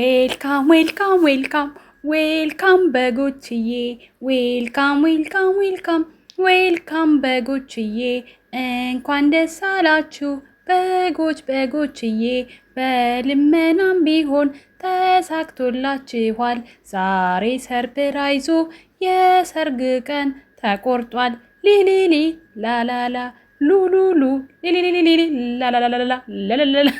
ዌልካም ዌልካም ዌልካም ዌልካም በጎችዬ ዌልካም ዌልካም ዌልካም ዌልካም በጎችዬ እንኳን ደስ አላችሁ በጎች በጎችዬ በልመናም ቢሆን ተሳክቶላችኋል። ዛሬ ሰርፕራይዙ የሰርግ ቀን ተቆርጧል። ሊሊሊ ላላላ ሉሉሉ ሊሊሊሊ ለለለላ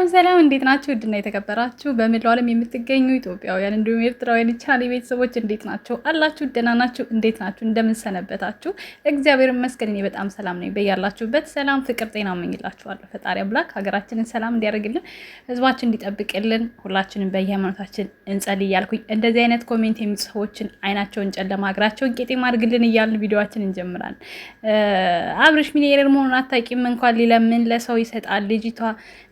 ሰላም ሰላም፣ እንዴት ናችሁ? እድና የተከበራችሁ በመላው ዓለም የምትገኙ ኢትዮጵያውያን እንዲሁም ኤርትራውያን ቻናል ቤተሰቦች እንዴት ናችሁ? አላችሁ? ደህና ናችሁ? እንዴት ናችሁ? እንደምንሰነበታችሁ? እግዚአብሔር ይመስገን እኔ በጣም ሰላም ነኝ። በያላችሁበት ሰላም፣ ፍቅር፣ ጤና እመኝላችኋለሁ። ፈጣሪ አምላክ ሀገራችንን ሰላም እንዲያደርግልን፣ ህዝባችን እንዲጠብቅልን፣ ሁላችንም በየሃይማኖታችን እንጸል እያልኩኝ እንደዚህ አይነት ኮሜንት የሚጽፉ ሰዎችን አይናቸውን ጨለማ እግራቸውን ቄጤማ አድርግልን እያልን ቪዲዮችን እንጀምራለን። አብርሽ ሚሊየነር መሆኑን አታውቂም እንኳን ሊለምን ለሰው ይሰጣል ልጅቷ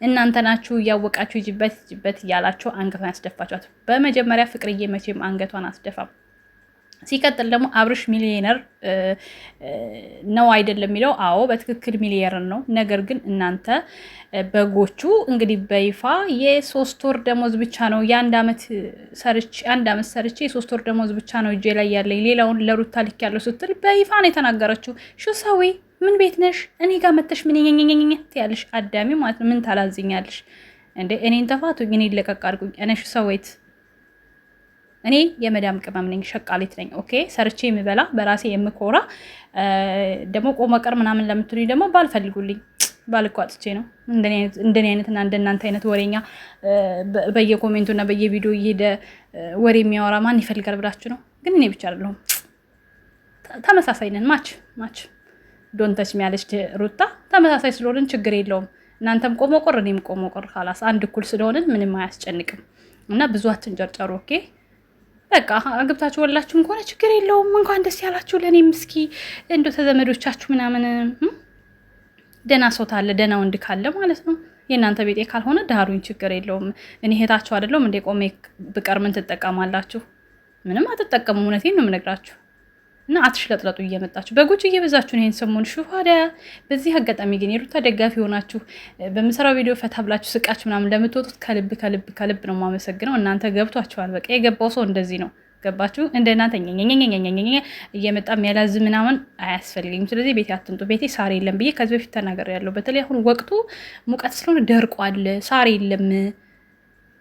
እናንተ ናችሁ እያወቃችሁ ይጅበት ይጅበት እያላችሁ አንገቷን ያስደፋችኋት። በመጀመሪያ ፍቅርዬ መቼም አንገቷን አስደፋም። ሲቀጥል ደግሞ አብርሽ ሚሊዮነር ነው አይደለም የሚለው አዎ በትክክል ሚሊዮነር ነው። ነገር ግን እናንተ በጎቹ እንግዲህ በይፋ የሶስት ወር ደሞዝ ብቻ ነው የአንድ ዓመት ሰርቼ አንድ ዓመት ሰርቼ የሶስት ወር ደሞዝ ብቻ ነው እጄ ላይ ያለኝ ሌላውን ለሩታ ልክ ያለው ስትል በይፋ ነው የተናገረችው ሰዊ ምን ቤት ነሽ? እኔ ጋር መተሽ ምን ኘኘኘኘት አዳሚ ማለት ነው። ምን ታላዝኛለሽ እንዴ? እኔን ተፋቱኝ፣ እኔን ለቀቅ አድርጉኝ። እነሽ ሰወይት እኔ የመዳም ቅመም ነኝ፣ ሸቃሌት ነኝ። ኦኬ ሰርቼ የምበላ በራሴ የምኮራ ደግሞ ቆመቀር ምናምን ለምትሉኝ ደግሞ ባልፈልጉልኝ ባልቋጥቼ ነው። እንደኔ አይነትና እንደናንተ አይነት ወሬኛ በየኮሜንቱና በየቪዲዮ እየሄደ ወሬ የሚያወራ ማን ይፈልጋል ብላችሁ ነው? ግን እኔ ብቻ አይደለሁም። ተመሳሳይ ነን። ማች ማች ዶንተች ሚያለች ሩታ ተመሳሳይ ስለሆንን ችግር የለውም። እናንተም ቆሞ ቆር፣ እኔም ቆሞ ቆር፣ ካላስ አንድ እኩል ስለሆንን ምንም አያስጨንቅም። እና ብዙ አትንጨርጨሩ። ኦኬ በቃ አግብታችሁ ወላችሁም ከሆነ ችግር የለውም። እንኳን ደስ ያላችሁ። ለእኔም እስኪ እንዶ ተዘመዶቻችሁ ምናምን ደና ሰው ታለ ደና ወንድ ካለ ማለት ነው። የእናንተ ቤጤ ካልሆነ ዳሩኝ፣ ችግር የለውም። እኔ እህታችሁ አይደለሁም እንዴ? ቆሜ ብቀር ምን ትጠቀማላችሁ? ምንም አትጠቀሙ። እውነቴን ነው የምነግራችሁ። እና አትሽለጥለጡ እየመጣችሁ በጎች እየበዛችሁ ይህን ሰሞን ሹሃዳ። በዚህ አጋጣሚ ግን የሩታ ደጋፊ የሆናችሁ በምሰራው ቪዲዮ ፈታ ብላችሁ ስቃችሁ ምናምን ለምትወጡት ከልብ ከልብ ከልብ ነው የማመሰግነው። እናንተ ገብቷችኋል። በቃ የገባው ሰው እንደዚህ ነው። ገባችሁ? እንደ እናንተ እየመጣ የሚያላዝ ምናምን አያስፈልገኝም። ስለዚህ ቤቴ አትምጡ፣ ቤቴ ሳር የለም ብዬ ከዚህ በፊት ተናገር ያለው በተለይ አሁን ወቅቱ ሙቀት ስለሆነ ደርቋል፣ ሳር የለም።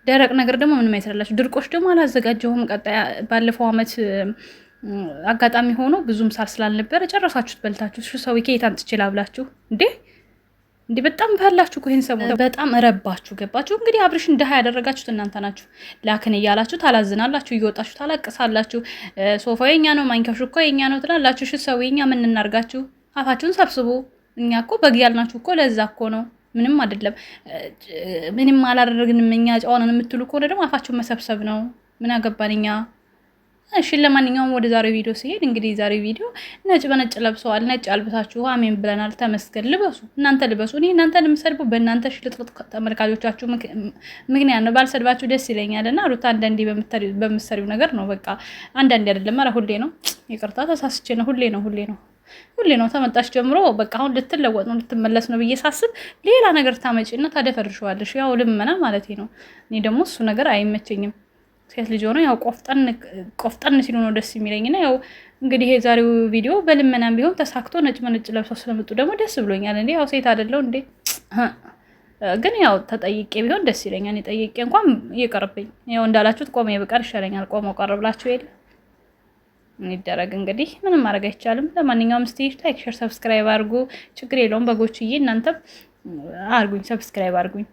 ደረቅ ነገር ደግሞ ምንም አይሰራላችሁ። ድርቆች ደግሞ አላዘጋጀውም። ቀጣይ ባለፈው አመት አጋጣሚ ሆኖ ብዙም ሳር ስላልነበረ ጨረሳችሁት በልታችሁ። እሺ ሰው ከየት አምጥቼ ላብላችሁ እንዴ? እንዲህ በጣም ባላችሁ እኮ ሰሙ በጣም ረባችሁ። ገባችሁ እንግዲህ አብርሽ እንደ ያደረጋችሁት እናንተ ናችሁ። ላክን እያላችሁ ታላዝናላችሁ፣ እየወጣችሁ ታላቅሳላችሁ። ሶፋው የኛ ነው፣ ማንኪያው እኮ የኛ ነው ትላላችሁ። እሺ ሰው የኛ ምን እናርጋችሁ? አፋችሁን ሰብስቡ። እኛ እኮ በግ ያልናችሁ እኮ ለዛ እኮ ነው። ምንም አይደለም፣ ምንም አላደረግንም እኛ ጨዋነን የምትሉ ከሆነ ደግሞ አፋችሁን መሰብሰብ ነው። ምን አገባን እኛ እሺ ለማንኛውም ወደ ዛሬው ቪዲዮ ሲሄድ እንግዲህ ዛሬው ቪዲዮ ነጭ በነጭ ለብሰዋል። ነጭ አልብሳችሁ አሜን ብለናል። ተመስገን። ልበሱ፣ እናንተ ልበሱ። እኔ እናንተ ልምሰድቡ በእናንተ ሽልጥልጥ ተመልካቾቻችሁ ምክንያት ነው። ባልሰድባችሁ ደስ ይለኛል። እና ሩታ አንዳንዴ በምሰሪው ነገር ነው። በቃ አንዳንዴ አይደለም፣ ኧረ ሁሌ ነው። ይቅርታ ተሳስቼ ነው። ሁሌ ነው፣ ሁሌ ነው ሁሌ ነው። ተመጣች ጀምሮ በቃ አሁን ልትለወጥ ነው ልትመለስ ነው ብዬ ሳስብ ሌላ ነገር ታመጪና ታደፈርሸዋለሽ። ያው ልመና ማለት ነው። እኔ ደግሞ እሱ ነገር አይመቸኝም። ሴት ልጅ ሆነ ያው ቆፍጠን ሲሉ ነው ደስ የሚለኝና ያው እንግዲህ የዛሬው ቪዲዮ በልመናም ቢሆን ተሳክቶ ነጭ መነጭ ለብሰው ስለመጡ ደግሞ ደስ ብሎኛል። እንዴ ያው ሴት አይደለው እንዴ? ግን ያው ተጠይቄ ቢሆን ደስ ይለኛል። ጠይቄ እንኳን እየቀረብኝ ያው እንዳላችሁት ቆሜ ብቀር ይሻለኛል። ቆመ ቀርብላችሁ ብላችሁ የለ ይደረግ እንግዲህ ምንም ማድረግ አይቻልም። ለማንኛውም እስቲ ላይክ፣ ሸር፣ ሰብስክራይብ አድርጉ። ችግር የለውም በጎችዬ፣ እናንተም አርጉኝ፣ ሰብስክራይብ አርጉኝ።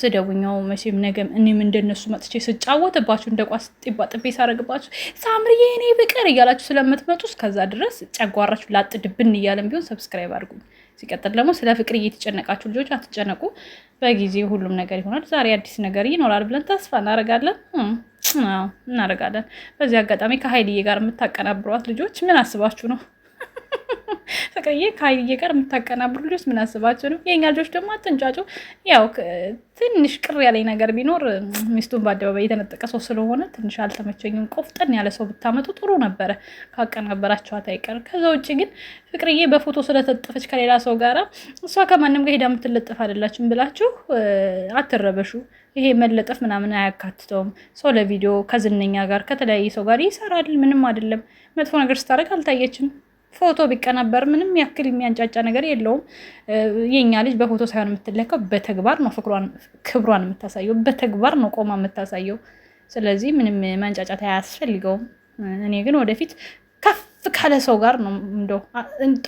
ስደቡኛው መቼም ነገም እኔም እንደነሱ መጥቼ ስጫወትባችሁ እንደ ቋስ ጢባ ጥቤ ሳረግባችሁ ሳምርዬ እኔ ፍቅር እያላችሁ ስለምትመጡ እስከዛ ድረስ ጨጓራችሁ ላጥ ድብን እያለን ቢሆን ሰብስክራይብ አድርጉኝ። ሲቀጥል ደግሞ ስለ ፍቅር እየተጨነቃችሁ ልጆች አትጨነቁ። በጊዜ ሁሉም ነገር ይሆናል። ዛሬ አዲስ ነገር ይኖራል ብለን ተስፋ እናደርጋለን እናደርጋለን። በዚህ አጋጣሚ ከሀይልዬ ጋር የምታቀናብሯት ልጆች ምን አስባችሁ ነው? ፍቅርዬ ከሀይልዬ ጋር የምታቀናብሩ ልጆች ምን አስባቸው ነው? የኛ ልጆች ደግሞ አትንጫጩ። ያው ትንሽ ቅር ያለኝ ነገር ቢኖር ሚስቱን በአደባባይ የተነጠቀ ሰው ስለሆነ ትንሽ አልተመቸኝም። ቆፍጠን ያለ ሰው ብታመጡ ጥሩ ነበረ፣ ካቀናበራችኋት አይቀር። ከዛ ውጭ ግን ፍቅርዬ በፎቶ ስለተጠፈች ከሌላ ሰው ጋር እሷ ከማንም ጋር ሄዳ የምትለጠፍ አይደላችሁም ብላችሁ አትረበሹ። ይሄ መለጠፍ ምናምን አያካትተውም። ሰው ለቪዲዮ ከዝነኛ ጋር ከተለያየ ሰው ጋር ይሰራል። ምንም አይደለም። መጥፎ ነገር ስታደርግ አልታየችም። ፎቶ ቢቀናበር ምንም ያክል የሚያንጫጫ ነገር የለውም። የኛ ልጅ በፎቶ ሳይሆን የምትለካው በተግባር ነው። ፍቅሯን ክብሯን የምታሳየው በተግባር ነው ቆማ የምታሳየው። ስለዚህ ምንም ማንጫጫት አያስፈልገውም። እኔ ግን ወደፊት ከፍ ካለ ሰው ጋር ነው እንደው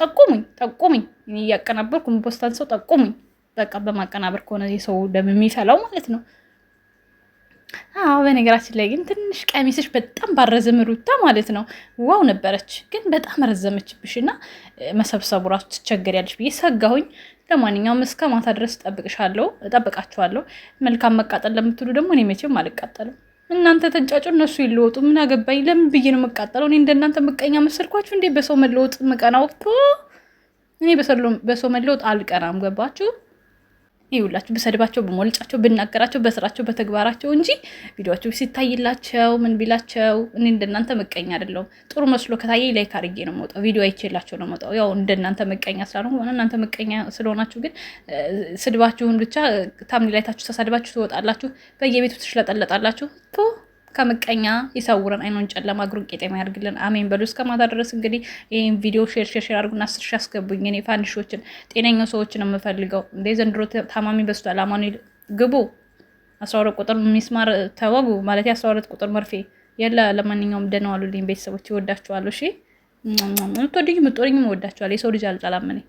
ጠቁሙኝ፣ ጠቁሙኝ እያቀናበርኩ ፖስታን ሰው ጠቁሙኝ። በቃ በማቀናበር ከሆነ የሰው ደም የሚፈላው ማለት ነው። አዎ በነገራችን ላይ ግን ትንሽ ቀሚስሽ በጣም ባረዘም ሩታ ማለት ነው ዋው ነበረች፣ ግን በጣም ረዘመችብሽ እና መሰብሰቡ ራሱ ትቸገሪያለሽ ብዬ ሰጋሁኝ። ለማንኛውም እስከ ማታ ድረስ እጠብቅሻለሁ፣ እጠብቃችኋለሁ። መልካም መቃጠል ለምትሉ ደግሞ እኔ መቼም አልቃጠልም። እናንተ ተንጫጩ፣ እነሱ ይለወጡ። ምን አገባኝ? ለምን ብዬ ነው የምቃጠለው? እኔ እንደናንተ ምቀኛ መሰልኳችሁ እንዴ? በሰው መለወጥ ምቀናው እኔ በሰው መለወጥ አልቀናም። ገባችሁ? ይውላችሁ ብሰድባቸው ብሞልጫቸው ብናገራቸው በስራቸው በተግባራቸው እንጂ ቪዲዮቸው ሲታይላቸው ምን ቢላቸው እኔ እንደናንተ መቀኝ አይደለሁም። ጥሩ መስሎ ከታየ ላይክ አድርጌ ነው የምወጣው፣ ቪዲዮ አይቼላቸው ነው የምወጣው። ያው እንደናንተ መቀኛ ሆነ እናንተ መቀኛ ስለሆናችሁ ግን ስድባችሁን ብቻ ታምኒ ላይታችሁ ተሳድባችሁ ትወጣላችሁ፣ በየቤቱ ትሽለጠለጣላችሁ። ከምቀኛ ይሰውረን፣ አይኑን ጨለማ እግሩን ቄጤማ ያድርግልን። አሜን በሉ። እስከ ማታ ድረስ እንግዲህ ይህን ቪዲዮ ሼር ሼር ሼር አድርጉና አስር ሺህ አስገቡኝ። እኔ ፋንሾችን ጤነኛ ሰዎችን የምፈልገው እንደ ዘንድሮ ታማሚ በስቷል። አማኑኤል ግቡ፣ አስራ ሁለት ቁጥር ሚስማር ተወጉ ማለት አስራ ሁለት ቁጥር መርፌ የለ። ለማንኛውም ደህና ዋሉልኝ ቤተሰቦች፣ ይወዳችኋሉ። እሺ፣ የምትወድኝ የምትወድኝ እወዳችኋለሁ። የሰው ልጅ አልጠላም እኔ